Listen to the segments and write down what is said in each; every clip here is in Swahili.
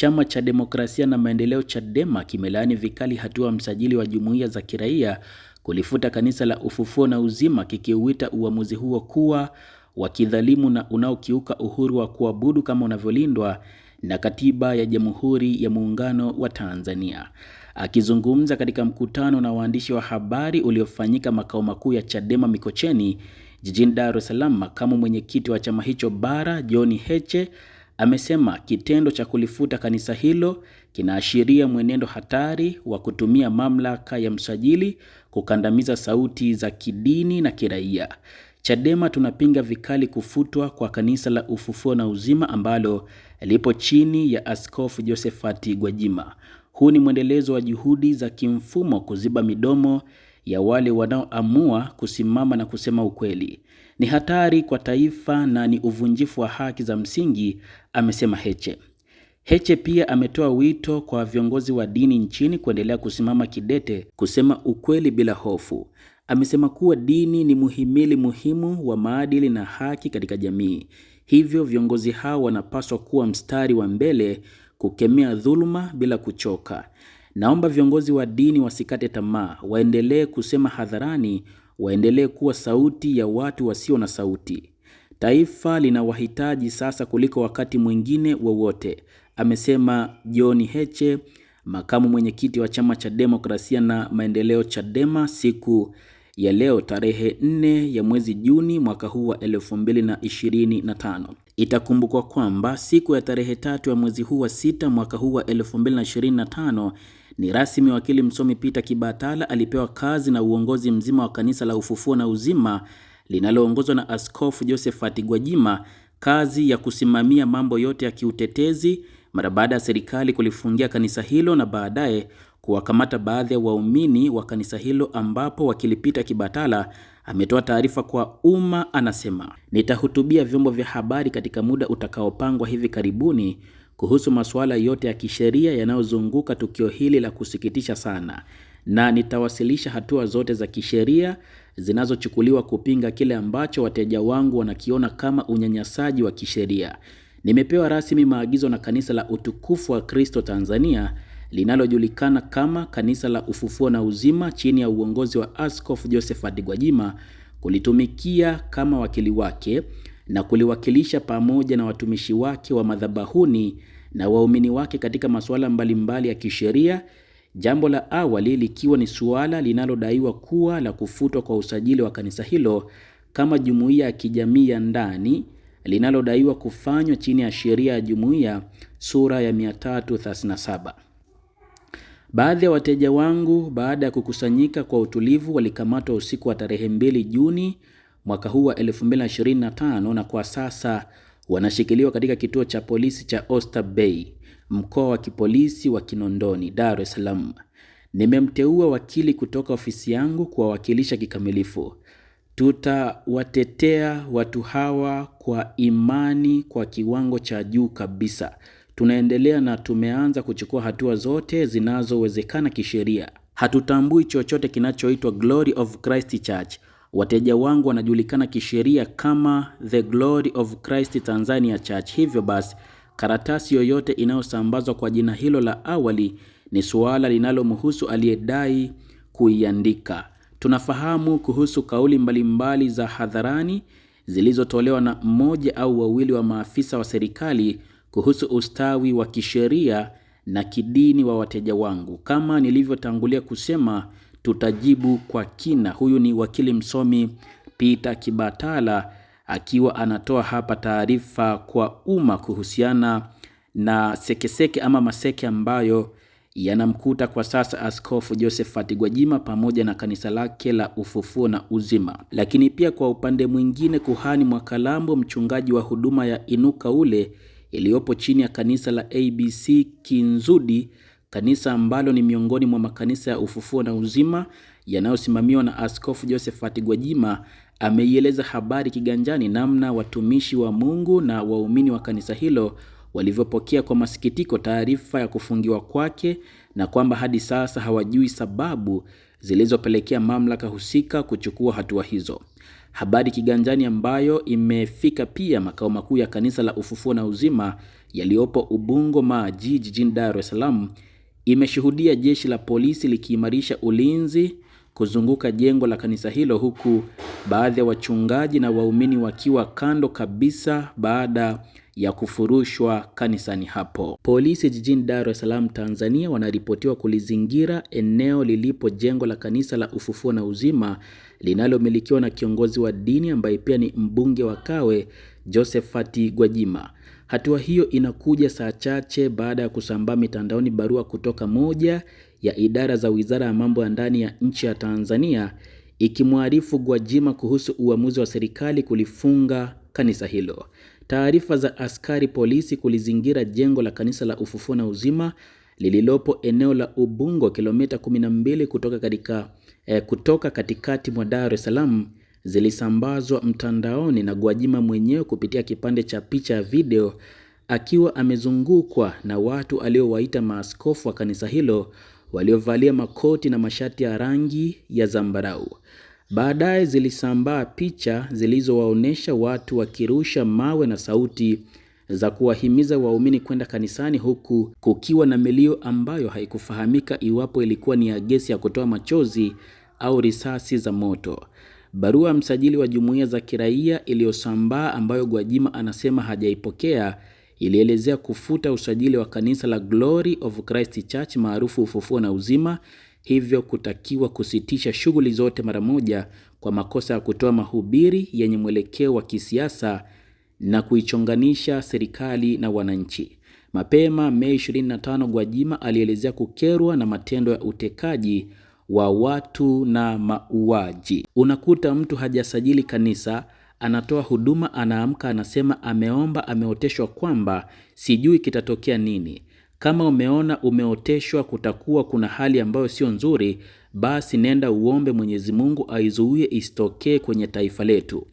Chama cha Demokrasia na Maendeleo Chadema kimelaani vikali hatua msajili wa jumuiya za kiraia kulifuta kanisa la Ufufuo na Uzima kikiuita uamuzi huo kuwa wa kidhalimu na unaokiuka uhuru wa kuabudu kama unavyolindwa na katiba ya Jamhuri ya Muungano wa Tanzania. Akizungumza katika mkutano na waandishi wa habari uliofanyika makao makuu ya Chadema Mikocheni jijini Dar es Salaam, makamu mwenyekiti wa chama hicho bara John Heche Amesema kitendo cha kulifuta kanisa hilo kinaashiria mwenendo hatari wa kutumia mamlaka ya msajili kukandamiza sauti za kidini na kiraia. Chadema tunapinga vikali kufutwa kwa kanisa la Ufufuo na Uzima ambalo lipo chini ya Askofu Josephat Gwajima. Huu ni mwendelezo wa juhudi za kimfumo kuziba midomo ya wale wanaoamua kusimama na kusema ukweli. Ni hatari kwa taifa na ni uvunjifu wa haki za msingi, amesema Heche. Heche pia ametoa wito kwa viongozi wa dini nchini kuendelea kusimama kidete kusema ukweli bila hofu. Amesema kuwa dini ni muhimili muhimu wa maadili na haki katika jamii. Hivyo viongozi hao wanapaswa kuwa mstari wa mbele kukemea dhuluma bila kuchoka. Naomba viongozi wa dini wasikate tamaa, waendelee kusema hadharani, waendelee kuwa sauti ya watu wasio na sauti. Taifa linawahitaji sasa kuliko wakati mwingine wowote, amesema John Heche, makamu mwenyekiti wa chama cha demokrasia na maendeleo Chadema, siku ya leo tarehe nne ya mwezi Juni mwaka huu wa 2025. Itakumbukwa kwamba siku ya tarehe tatu ya mwezi huu wa sita mwaka huu wa 2025 ni rasmi wakili msomi Peter Kibatala alipewa kazi na uongozi mzima wa Kanisa la Ufufuo na Uzima linaloongozwa na Askofu Josephat Gwajima kazi ya kusimamia mambo yote ya kiutetezi mara baada ya serikali kulifungia kanisa hilo na baadaye kuwakamata baadhi ya waumini wa kanisa hilo, ambapo wakili Peter Kibatala ametoa taarifa kwa umma. Anasema, nitahutubia vyombo vya habari katika muda utakaopangwa hivi karibuni kuhusu masuala yote ya kisheria yanayozunguka tukio hili la kusikitisha sana na nitawasilisha hatua zote za kisheria zinazochukuliwa kupinga kile ambacho wateja wangu wanakiona kama unyanyasaji wa kisheria. Nimepewa rasmi maagizo na Kanisa la Utukufu wa Kristo Tanzania linalojulikana kama Kanisa la Ufufuo na Uzima chini ya uongozi wa Askofu Josephat Gwajima kulitumikia kama wakili wake na kuliwakilisha pamoja na watumishi wake wa madhabahuni na waumini wake katika masuala mbalimbali ya kisheria, jambo la awali likiwa ni suala linalodaiwa kuwa la kufutwa kwa usajili wa kanisa hilo kama jumuiya ya kijamii ya ndani linalodaiwa kufanywa chini ya sheria ya jumuiya sura ya 337. Baadhi ya wateja wangu baada ya kukusanyika kwa utulivu walikamatwa usiku wa tarehe 2 Juni mwaka huu wa 2025 na kwa sasa wanashikiliwa katika kituo cha polisi cha Oyster Bay, mkoa wa kipolisi wa Kinondoni, Dar es Salaam. Nimemteua wakili kutoka ofisi yangu kuwawakilisha kikamilifu. Tutawatetea watu hawa kwa imani kwa kiwango cha juu kabisa. Tunaendelea na tumeanza kuchukua hatua zote zinazowezekana kisheria. Hatutambui chochote kinachoitwa Glory of Christ Church Wateja wangu wanajulikana kisheria kama The Glory of Christ Tanzania Church. Hivyo basi, karatasi yoyote inayosambazwa kwa jina hilo la awali ni suala linalomhusu aliyedai kuiandika. Tunafahamu kuhusu kauli mbalimbali za hadharani zilizotolewa na mmoja au wawili wa maafisa wa serikali kuhusu ustawi wa kisheria na kidini wa wateja wangu. Kama nilivyotangulia kusema, tutajibu kwa kina. Huyu ni wakili msomi Peter Kibatala akiwa anatoa hapa taarifa kwa umma kuhusiana na sekeseke ama maseke ambayo yanamkuta kwa sasa Askofu Josephat Gwajima pamoja na kanisa lake la Ufufuo na Uzima. Lakini pia kwa upande mwingine, kuhani Mwakalambo, mchungaji wa huduma ya Inuka Ule iliyopo chini ya kanisa la ABC Kinzudi, kanisa ambalo ni miongoni mwa makanisa ya ufufuo na uzima yanayosimamiwa na Askofu Josephat Gwajima ameieleza Habari Kiganjani namna watumishi wa Mungu na waumini wa kanisa hilo walivyopokea kwa masikitiko taarifa ya kufungiwa kwake na kwamba hadi sasa hawajui sababu zilizopelekea mamlaka husika kuchukua hatua hizo. Habari Kiganjani ambayo imefika pia makao makuu ya kanisa la Ufufuo na Uzima yaliyopo Ubungo Maji jijini Dar es Salaam imeshuhudia jeshi la polisi likiimarisha ulinzi kuzunguka jengo la kanisa hilo huku baadhi ya wachungaji na waumini wakiwa kando kabisa baada ya kufurushwa kanisani hapo. Polisi jijini Dar es Salaam, Tanzania wanaripotiwa kulizingira eneo lilipo jengo la kanisa la Ufufuo na Uzima linalomilikiwa na kiongozi wa dini ambaye pia ni mbunge wa Kawe Josephat Gwajima. Hatua hiyo inakuja saa chache baada ya kusambaa mitandaoni barua kutoka moja ya idara za Wizara ya Mambo ya Ndani ya nchi ya Tanzania ikimwarifu Gwajima kuhusu uamuzi wa serikali kulifunga kanisa hilo. Taarifa za askari polisi kulizingira jengo la Kanisa la Ufufuo na Uzima lililopo eneo la Ubungo kilomita 12 kutoka katika eh, kutoka katikati mwa Dar es Salaam zilisambazwa mtandaoni na Gwajima mwenyewe kupitia kipande cha picha ya video akiwa amezungukwa na watu aliowaita maaskofu wa kanisa hilo waliovalia makoti na mashati ya rangi ya zambarau. Baadaye zilisambaa picha zilizowaonyesha watu wakirusha mawe na sauti za kuwahimiza waumini kwenda kanisani huku kukiwa na milio ambayo haikufahamika iwapo ilikuwa ni ya gesi ya kutoa machozi au risasi za moto. Barua ya msajili wa jumuiya za kiraia iliyosambaa ambayo Gwajima anasema hajaipokea ilielezea kufuta usajili wa kanisa la Glory of Christ Church maarufu Ufufuo na Uzima, hivyo kutakiwa kusitisha shughuli zote mara moja kwa makosa ya kutoa mahubiri yenye mwelekeo wa kisiasa na kuichonganisha serikali na wananchi. Mapema Mei 25, Gwajima alielezea kukerwa na matendo ya utekaji wa watu na mauaji. Unakuta mtu hajasajili kanisa, anatoa huduma, anaamka anasema ameomba, ameoteshwa kwamba sijui kitatokea nini. Kama umeona umeoteshwa, kutakuwa kuna hali ambayo sio nzuri, basi nenda uombe Mwenyezi Mungu aizuie isitokee kwenye taifa letu,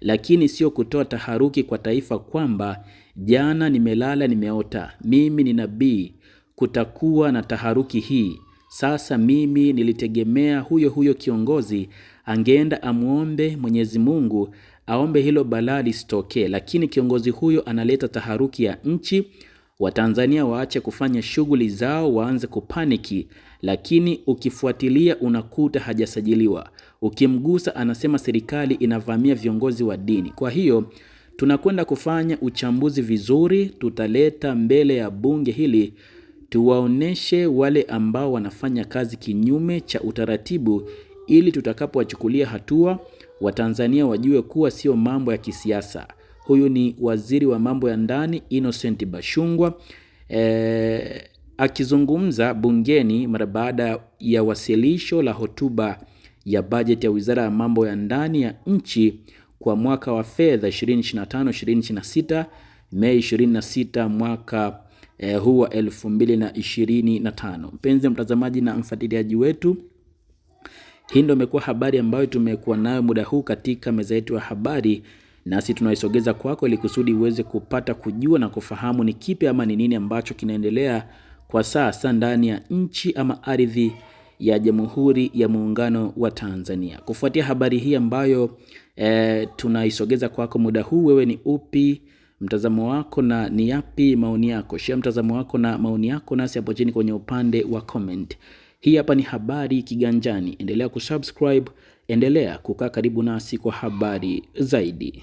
lakini sio kutoa taharuki kwa taifa kwamba jana nimelala nimeota mimi ni nabii. Kutakuwa na taharuki hii. Sasa mimi nilitegemea huyo huyo kiongozi angeenda amwombe Mwenyezi Mungu aombe hilo balaa lisitokee, lakini kiongozi huyo analeta taharuki ya nchi. Watanzania waache kufanya shughuli zao, waanze kupaniki, lakini ukifuatilia unakuta hajasajiliwa. Ukimgusa anasema serikali inavamia viongozi wa dini. Kwa hiyo tunakwenda kufanya uchambuzi vizuri, tutaleta mbele ya bunge hili tuwaoneshe wale ambao wanafanya kazi kinyume cha utaratibu ili tutakapowachukulia hatua Watanzania wajue kuwa sio mambo ya kisiasa. Huyu ni waziri wa mambo ya ndani Innocent Bashungwa e, akizungumza bungeni mara baada ya wasilisho la hotuba ya bajeti ya Wizara ya Mambo ya Ndani ya nchi kwa mwaka wa fedha 2025-2026 Mei 26 mwaka e, eh, huu wa elfu mbili na ishirini na tano. Mpenzi mtazamaji na mfuatiliaji wetu, hii ndio imekuwa habari ambayo tumekuwa nayo muda huu katika meza yetu ya habari, nasi tunaisogeza kwako ili kusudi uweze kupata kujua na kufahamu ni kipi ama ni nini ambacho kinaendelea kwa sasa ndani ya nchi ama ardhi ya Jamhuri ya Muungano wa Tanzania. Kufuatia habari hii ambayo e, tunaisogeza kwako muda huu, wewe ni upi mtazamo wako na ni yapi maoni yako. Share mtazamo wako na maoni yako nasi hapo chini kwenye upande wa comment. Hii hapa ni Habari Kiganjani. Endelea kusubscribe, endelea kukaa karibu nasi kwa habari zaidi.